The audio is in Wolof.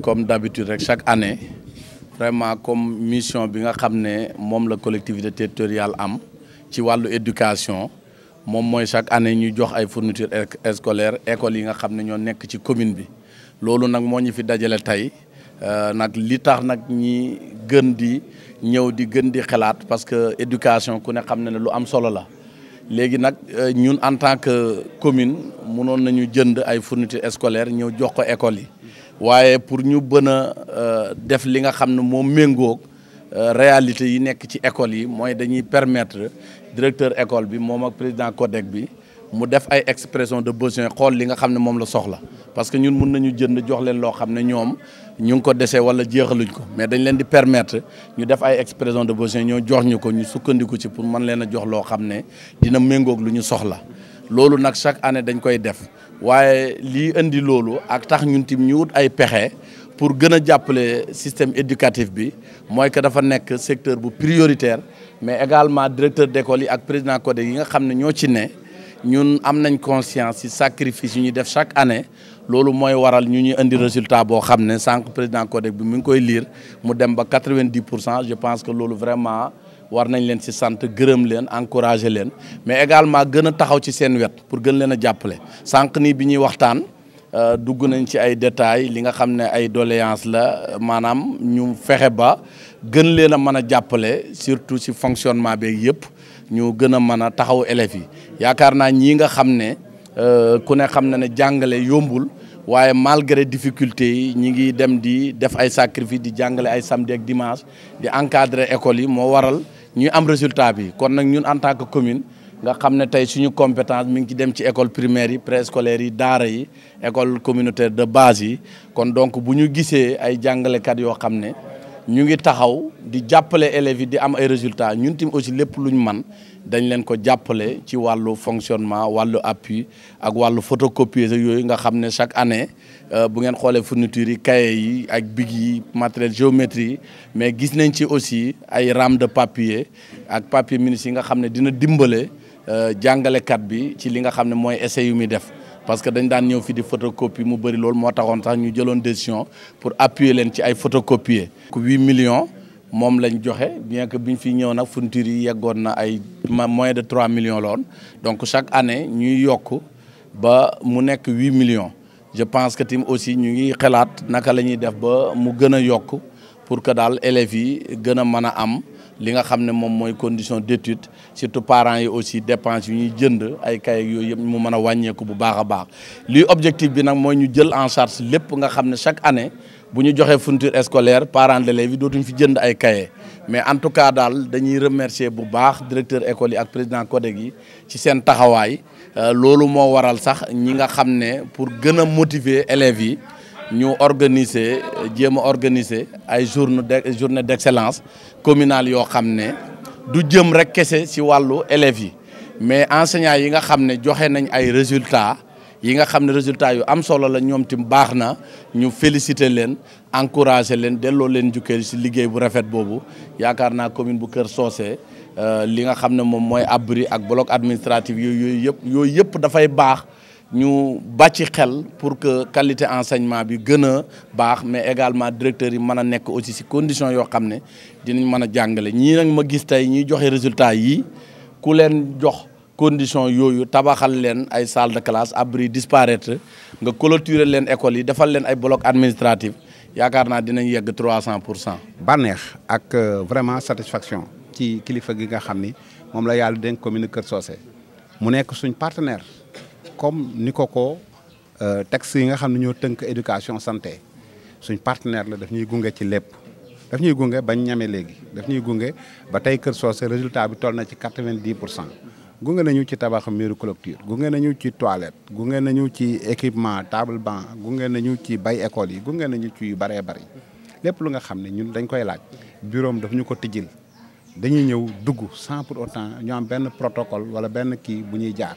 comme d'habitude chaque année vraiment comme mission bi nga xamné mom la collectivité territoriale am ci walu éducation mom moy chaque année ñu jox ay fournitures e-, scolaire école yi nga xamné ne ñoo nekk ci commune bi lolu nak mo ñi fi dajale tey euh, nak li tax nak ñi gën di ñëw di gën di xalaat parce que éducation ku ne xamné lu am solo la légui nak euh, ñun en tant que commune mënon nañu jënd ay fournitures scolaire ñëw jox ko école yi waaye pour ñu bën a euh, def li nga xam ne moom méngoog euh, réalité yi nekk ci école yi mooy dañuy permettre directeur école bi moom ak président CODEC bi mu def ay expression de besoin xool li nga xam ne moom la soxla parce que ñun mun nañu jënd jox leen loo xam ne ñoom ñu ngi ko dese wala jeexaluñ ko mais dañ leen di permettre ñu def ay expression de besoin ñoo jox ñu ko ñu sukkandiku ci pour man leen a jox loo xam ne dina méngoog lu ñu soxla loolu nag chaque année dañ koy def waaye lii indi loolu ak tax ñun tim ñu wut ay pexe pour gën a système éducatif bi mooy que dafa nekk secteur bu prioritaire mais également directeur d'école yi ak président CODEC yi nga xam ne ñoo ci ne ñun am nañ conscience ci sacrifice yu ñuy def chaque année loolu mooy waral ñu ñuy indi résultat boo xam ne sànq président CODEC bi mu ngi koy liir mu dem ba quatre je pense que loolu vraiment war nañ leen si sant gërëm leen encourager leen mais également gën a taxaw ci seen wet pour gën leen a jàppale sànq ni bi ñuy waxtaan euh, dugg nañ ci ay détails li nga xam ne ay doléance la maanaam ñu fexe ba gën leen a mën a jàppale surtout si fonctionnement beeg yëpp ñu gën a mën a taxaw élèves yi yaakaar naa ñii nga xam ne euh, ku ne xam na ne jàngale yombul waaye malgré difficulté yi ñi ngi dem di def ay sacrifice di jàngale ay samedi ak dimanche di encadrer école yi moo waral ñuy am résultat bi kon nag ñun en tant que commune nga xam ne tey suñu compétence mi ngi ci dem ci école primaire yi préscolaire yi daara yi école communautaire de base yi kon donc bu ñu gisee ay jàngalekat yoo xam ne ñu ngi taxaw di jàppale élèves yi di am ay résultats ñun tim aussi lépp lu ñu man dañ leen ko jàppale ci wàllu fonctionnement wàllu appui ak wàllu photocopieuse yooyu nga xam ne chaque année euh, bu ngeen xoolee fourniture yi cahier yi ak big yi matériel géométrie yi mais gis nañ ci aussi ay rame de papier ak papier ministre yi nga xam ne dina dimbale euh, jàngalekat bi ci li nga xam ne mooy essai yu muy def parce que dañ daan ñëw fi di photocopie mu bari lool moo taxoon sax ñu jëloon décision pour appuyer leen ci ay photocopier ku 8 millions moom lañ joxe bien que biñ fi ñëw nag fourniture yi yeggoon na ay moins de 3 millions loon donc chaque année ñuy yokk ba mu nekk 8 millions je pense que tim aussi ñu ngi xalaat naka la ñuy def ba mu gën a pour que daal élèves yi gën a am li nga xamné mom moy condition d'étude surtout parents yi aussi dépenses yu ñu jënd ay cahier yoy yëpp mu mëna wañé ko bu baaxa baax li objectif bi nak moy ñu jël en charge lépp nga xamné chaque année bu ñu joxé fourniture scolaire parents de yi dootuñ fi jënd ay cahier mais en tout cas dal dañuy remercier bu baax directeur école yi ak président codeg yi ci sen taxawaay euh, lolu mo waral sax ñi nga xamné pour gëna motiver élèves yi ñu organiser jéem a organiser ay journée journée d'excellence communale yo xamné du jëm rek kessé ci walu élèves yi mais enseignants yi nga xamné joxé nañ ay résultats yi nga xamné résultats yu am solo la ñom tim baxna ñu féliciter leen encourager leen delloo leen njukkeel ci liggéey bu rafet bobu yakarna commune bu Kër euh li nga xamné mom moy abri ak bloc administratif yoy yep yoy yep da fay bax ñu bàcci xel pour que qualité enseignement bi gën a mais également directeur yi mën nekk aussi ci condition yoo xam ne dinañ mën a jàngale ñii nag ma gis résultats. ñuy joxe résultat yi ku leen jox condition tabaxal ay salle de classe abri disparaître nga clôturer leen école yi defal leen ay bloc administratif yaakaar dinañ yegg trois cent pour cent. ak euh, vraiment satisfaction ci kilifa gi nga xam mom moom la yàlla dénk commune Kër Socé mu nekk suñ partenaire. comme ni ko ko euh, texte yi nga xam ne ñoo tënk éducation santé suñ partenaire la daf ñuy gunge ci lépp daf ñuy gunge bañ ñamee léegi daf ñuy gunge ba tey Kër Socé résultat bi toll na ci quatre-vingt-dix pour cent gunge nañu ci tabax muru clôture gunge nañu ci toilette gunge nañu ci équipement table banc gunge nañu ci bay école yi gunge nañu ci yu bëree bëri lépp lu nga xam ne ñun dañ koy laaj bureau daf ñu ko tijjil dañuy ñëw dugg sans pour autant ñu am benn protocole wala benn kii bu ñuy jaar